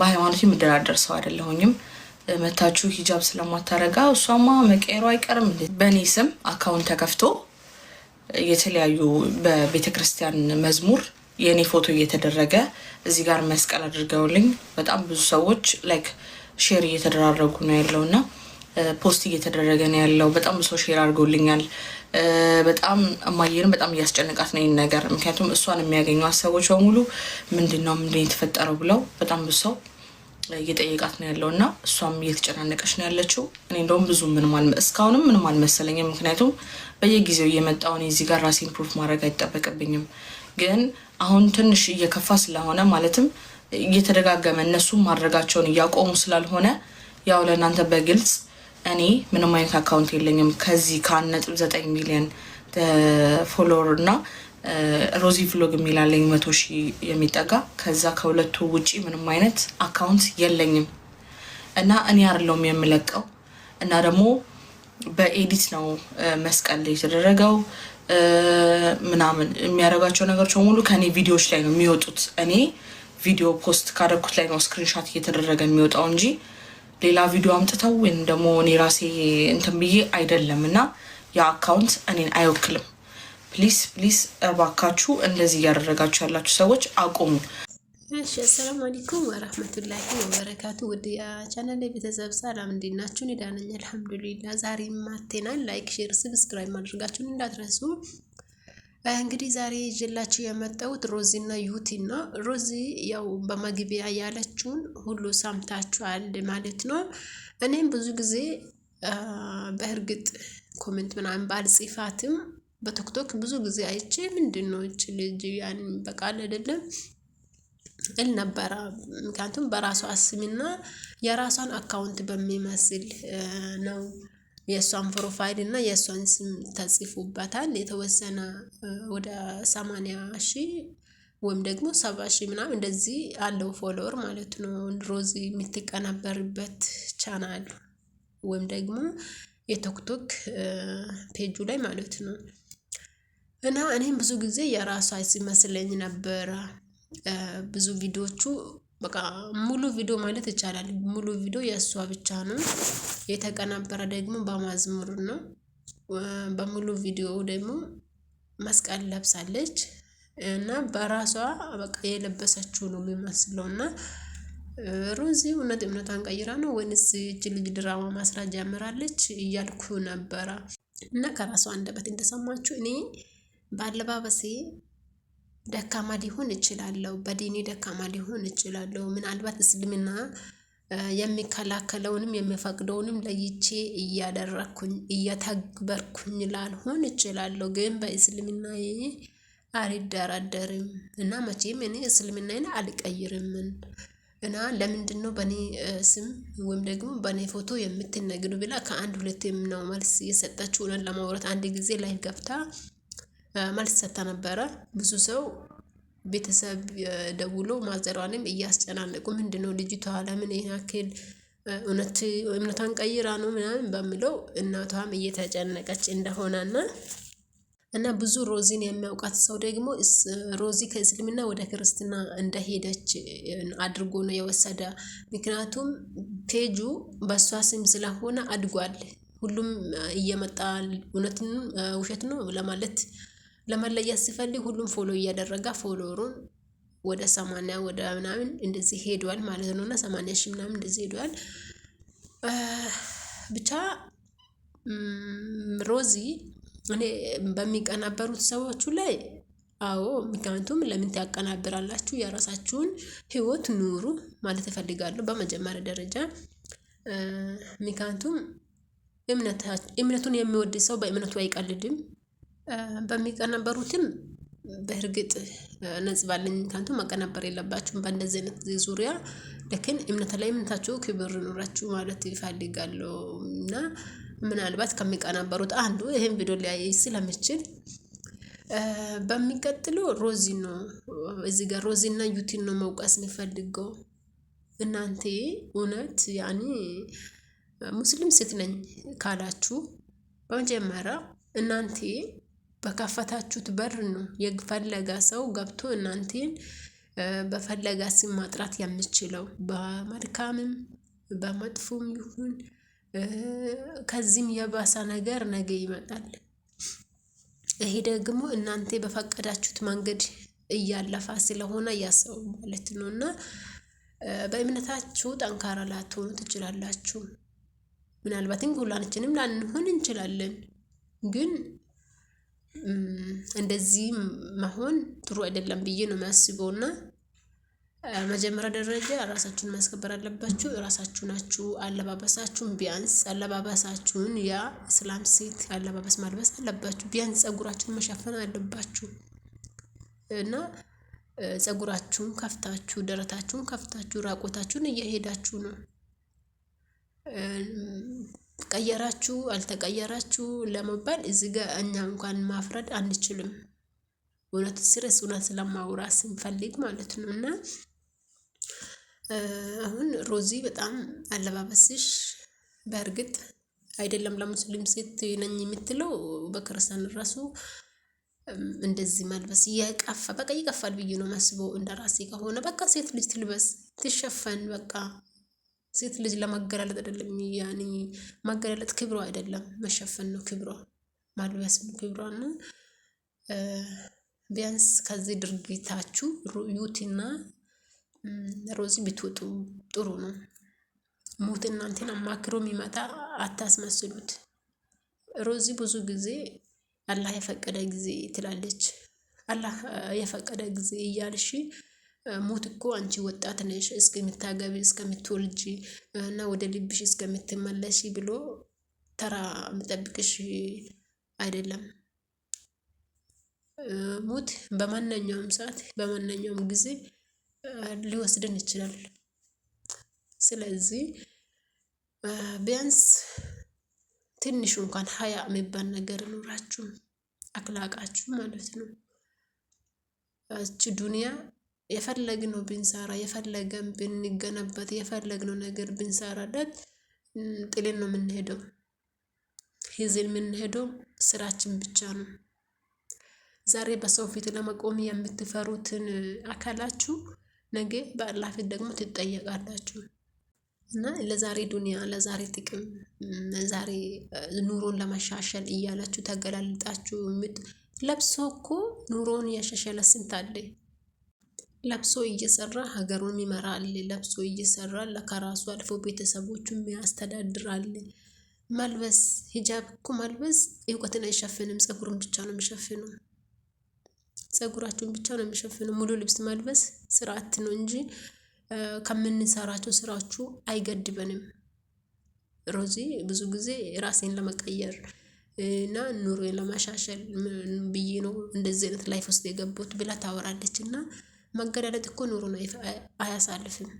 በሃይማኖት የምደራደር ሰው አይደለሁኝም። መታችሁ ሂጃብ ስለማታረጋ እሷማ መቀየሩ አይቀርም። በእኔ ስም አካውንት ተከፍቶ የተለያዩ በቤተ ክርስቲያን መዝሙር የእኔ ፎቶ እየተደረገ እዚህ ጋር መስቀል አድርገውልኝ በጣም ብዙ ሰዎች ላይክ ሼር እየተደራረጉ ነው ያለው እና ፖስት እየተደረገ ነው ያለው። በጣም ብዙ ሰው ሼር አድርገውልኛል። በጣም እማየንም በጣም እያስጨነቃት ነው ይህን ነገር። ምክንያቱም እሷን የሚያገኟት ሰዎች በሙሉ ምንድን ነው ምንድን የተፈጠረው ብለው በጣም ብዙ ሰው እየጠየቃት ነው ያለው እና እሷም እየተጨናነቀች ነው ያለችው። እኔ እንደውም ብዙ ምንም እስካሁንም ምንም አልመሰለኝም። ምክንያቱም በየጊዜው እየመጣሁ እኔ እዚህ ጋር ራሴን ፕሩፍ ማድረግ አይጠበቅብኝም። ግን አሁን ትንሽ እየከፋ ስለሆነ ማለትም እየተደጋገመ እነሱ ማድረጋቸውን እያቆሙ ስላልሆነ ያው ለእናንተ በግልጽ እኔ ምንም አይነት አካውንት የለኝም። ከዚህ ከአንድ ነጥብ ዘጠኝ ሚሊዮን ፎሎወር እና ሮዚ ቭሎግ የሚላለኝ መቶ ሺ የሚጠጋ ከዛ ከሁለቱ ውጪ ምንም አይነት አካውንት የለኝም እና እኔ አይደለሁም የምለቀው እና ደግሞ በኤዲት ነው መስቀል ላይ የተደረገው ምናምን የሚያደርጋቸው ነገሮች በሙሉ ከእኔ ቪዲዮዎች ላይ ነው የሚወጡት። እኔ ቪዲዮ ፖስት ካደረኩት ላይ ነው ስክሪንሻት እየተደረገ የሚወጣው እንጂ ሌላ ቪዲዮ አምጥተው ወይም ደግሞ እኔ ራሴ እንትን ብዬ አይደለም እና ያ አካውንት እኔን አይወክልም። ፕሊስ ፕሊስ፣ እባካችሁ እንደዚህ እያደረጋችሁ ያላችሁ ሰዎች አቁሙ። እሺ አሰላሙ አለይኩም ወራህመቱላሂ ወበረካቱ። ውድ የቻናል ላይ ቤተሰብ ሰላም እንዴት ናችሁ? እኔ ደህና ነኝ አልሐምዱሊላ። ዛሬ ማቴናል ላይክ፣ ሼር፣ ሰብስክራይብ ማድረጋችሁን እንዳትረሱ። እንግዲህ ዛሬ ይዤላችሁ የመጣሁት ሮዚና ዩቲ ነው። ሮዚ ያው በመግቢያ ያለችውን ሁሉ ሰምታችኋል ማለት ነው። እኔም ብዙ ጊዜ በእርግጥ ኮሜንት ምናምን ባልጽፋትም በቶክቶክ ብዙ ጊዜ አይቼ ምንድን ነው እች ልጅ ያን በቃል አይደለም እል ነበረ። ምክንያቱም በራሷ ስምና የራሷን አካውንት በሚመስል ነው የእሷን ፕሮፋይል እና የእሷን ስም ተጽፎበታል። የተወሰነ ወደ ሰማንያ ሺህ ወይም ደግሞ ሰባ ሺህ ምናምን እንደዚህ አለው ፎሎወር ማለት ነው። ሮዚ የምትቀናበርበት ቻናል ወይም ደግሞ የቶክቶክ ፔጁ ላይ ማለት ነው። እና እኔም ብዙ ጊዜ የራሷ ሲመስለኝ ነበረ ብዙ ቪዲዮቹ በቃ ሙሉ ቪዲዮ ማለት ይቻላል። ሙሉ ቪዲዮ የእሷ ብቻ ነው። የተቀናበረ ደግሞ በማዝሙር ነው። በሙሉ ቪዲዮ ደግሞ መስቀል ለብሳለች እና በራሷ በቃ የለበሰችው ነው የሚመስለው እና ሮዚ እውነት እምነቷን ቀይራ ነው ወይንስ ይቺ ልጅ ድራማ ማስራት ጀምራለች እያልኩ ነበረ። እና ከራሷ አንደበት እንደሰማችሁ እኔ በአለባበሴ ደካማ ሊሆን እችላለሁ በዲኔ ደካማ ሊሆን እችላለሁ ምናልባት እስልምና የሚከላከለውንም የሚፈቅደውንም ለይቼ እያደረግኩኝ እየተግበርኩኝ ላልሆን እችላለሁ ግን በእስልምናዬ አልደራደርም እና መቼም እኔ እስልምናዬን አልቀይርምን እና ለምንድነው በእኔ ስም ወይም ደግሞ በእኔ ፎቶ የምትነግዱ ብላ ከአንድ ሁለት የምናው መልስ የሰጠችው እውነት ለማውራት አንድ ጊዜ ላይ ገብታ መልስ ሰጥታ ነበረ። ብዙ ሰው ቤተሰብ ደውሎ ማዘሯንም እያስጨናነቁ ምንድነው ልጅቷ ለምን ይህን ያክል እውነት እምነቷን ቀይራ ነው ምናምን በሚለው እናቷም እየተጨነቀች እንደሆነና እና ብዙ ሮዚን የሚያውቃት ሰው ደግሞ ሮዚ ከእስልምና ወደ ክርስትና እንደሄደች አድርጎ ነው የወሰደ። ምክንያቱም ፔጁ በእሷ ስም ስለሆነ አድጓል። ሁሉም እየመጣ እውነት ውሸት ነው ለማለት ለመለየት ሲፈልግ ሁሉም ፎሎ እያደረገ ፎሎወሩን ወደ ሰማንያ ወደ ምናምን እንደዚህ ሄደዋል ማለት ነው እና ሰማንያ ሺህ ምናምን እንደዚህ ሄደዋል። ብቻ ሮዚ እኔ በሚቀናበሩት ሰዎቹ ላይ አዎ፣ ምክንያቱም ለምን ታቀናብራላችሁ? የራሳችሁን ህይወት ኑሩ ማለት እፈልጋለሁ በመጀመሪያ ደረጃ ምክንያቱም እምነቱን የሚወድ ሰው በእምነቱ አይቀልድም። በሚቀነበሩትም በእርግጥ ነጽባለኝ ከንቱ መቀነበር የለባችሁም። በእንደዚህ አይነት ጊዜ ዙሪያ ልክን እምነት ላይ እምነታችሁ ክብር ኑራችሁ ማለት ይፈልጋሉ እና ምናልባት ከሚቀነበሩት አንዱ ይህን ቪዲዮ ሊያይ ስለምችል በሚቀጥሉ ሮዚ ነው። እዚህ ጋር ሮዚ ሮዚና ዩቲን ነው መውቀስ የሚፈልገው። እናንተ እውነት ያኔ ሙስሊም ሴት ነኝ ካላችሁ በመጀመሪያ እናንተ በከፈታችሁት በር ነው የፈለገ ሰው ገብቶ እናንተን በፈለገ ስም ማጥራት የምችለው በመልካምም በመጥፎም ይሁን ከዚህም የባሰ ነገር ነገ ይመጣል። ይሄ ደግሞ እናንተ በፈቀዳችሁት መንገድ እያለፈ ስለሆነ ያሰው ማለት ነው እና በእምነታችሁ ጠንካራ ላትሆኑ ትችላላችሁ። ምናልባት ሁላችንም ላንሆን እንችላለን ግን እንደዚህ መሆን ጥሩ አይደለም ብዬ ነው የሚያስበው እና መጀመሪያ ደረጃ ራሳችሁን ማስከበር አለባችሁ ራሳችሁ ናችሁ። አለባበሳችሁን ቢያንስ አለባበሳችሁን ያ እስላም ሴት አለባበስ ማልበስ አለባችሁ ቢያንስ ፀጉራችሁን መሸፈን አለባችሁ። እና ፀጉራችሁን ከፍታችሁ ደረታችሁን ከፍታችሁ ራቆታችሁን እየሄዳችሁ ነው። ቀየራችሁ አልተቀየራችሁ ለመባል እዚህ ጋር እኛ እንኳን ማፍረድ አንችልም። እውነት ስርስ እውነት ለማውራት ስንፈልግ ማለት ነው። እና አሁን ሮዚ በጣም አለባበስሽ በእርግጥ አይደለም ለሙስሊም ሴት ነኝ የምትለው በክርስቲያን ራሱ እንደዚህ መልበስ እያቀፋ በቃ ይቀፋል ብዬ ነው ማስበው። እንደ ራሴ ከሆነ በቃ ሴት ልጅ ትልበስ ትሸፈን በቃ ሴት ልጅ ለማገላለጥ አይደለም። ያኔ ማገላለጥ ክብሯ አይደለም፣ መሸፈን ነው ክብሯ፣ ማልበስ ነው ክብሯ። እና ቢያንስ ከዚህ ድርጊታችሁ ዩቲና ሮዚ ብትወጡ ጥሩ ነው። ሙት እናንተን አማክሮ የሚመጣ አታስመስሉት። ሮዚ ብዙ ጊዜ አላህ የፈቀደ ጊዜ ትላለች። አላህ የፈቀደ ጊዜ እያልሽ ሞት እኮ አንቺ ወጣት ነሽ እስከምታገቢ እስከምትወልጂ እና ወደ ልብሽ እስከምትመለሺ ብሎ ተራ የሚጠብቅሽ አይደለም። ሞት በማንኛውም ሰዓት በማንኛውም ጊዜ ሊወስድን ይችላል። ስለዚህ ቢያንስ ትንሽ እንኳን ሀያ የሚባል ነገር ይኑራችሁ አክላቃችሁ ማለት ነው። እች ዱንያ የፈለግነው ብንሰራ የፈለገን ብንገነበት የፈለግነው ነገር ብንሰራለት ጥልን ነው የምንሄደው። ይዘን የምንሄደው ስራችን ብቻ ነው። ዛሬ በሰው ፊት ለመቆም የምትፈሩትን አካላችሁ ነገ በአላህ ፊት ደግሞ ትጠየቃላችሁ። እና ለዛሬ ዱንያ ለዛሬ ጥቅም ለዛሬ ኑሮን ለመሻሸል እያላችሁ ተገላልጣችሁ ምት ለብሶ እኮ ኑሮን ያሻሸለ ስንት አለ። ለብሶ እየሰራ ሀገሩን ይመራል። ለብሶ እየሰራ ለከራሱ አልፎ ቤተሰቦቹን ያስተዳድራል። መልበስ ሂጃብ እኮ መልበስ እውቀትን አይሸፍንም፣ ጸጉሩን ብቻ ነው የሚሸፍነው። ጸጉራቸውን ብቻ ነው የሚሸፍነው። ሙሉ ልብስ መልበስ ስርዓት ነው እንጂ ከምንሰራቸው ስራቹ አይገድበንም። ሮዚ ብዙ ጊዜ ራሴን ለመቀየር እና ኑሮዬን ለማሻሸል ብዬ ነው እንደዚህ አይነት ላይፍ ውስጥ የገቡት ብላ ታወራለች እና መገዳደጥ እኮ ኑሮ ነው አያሳልፍም።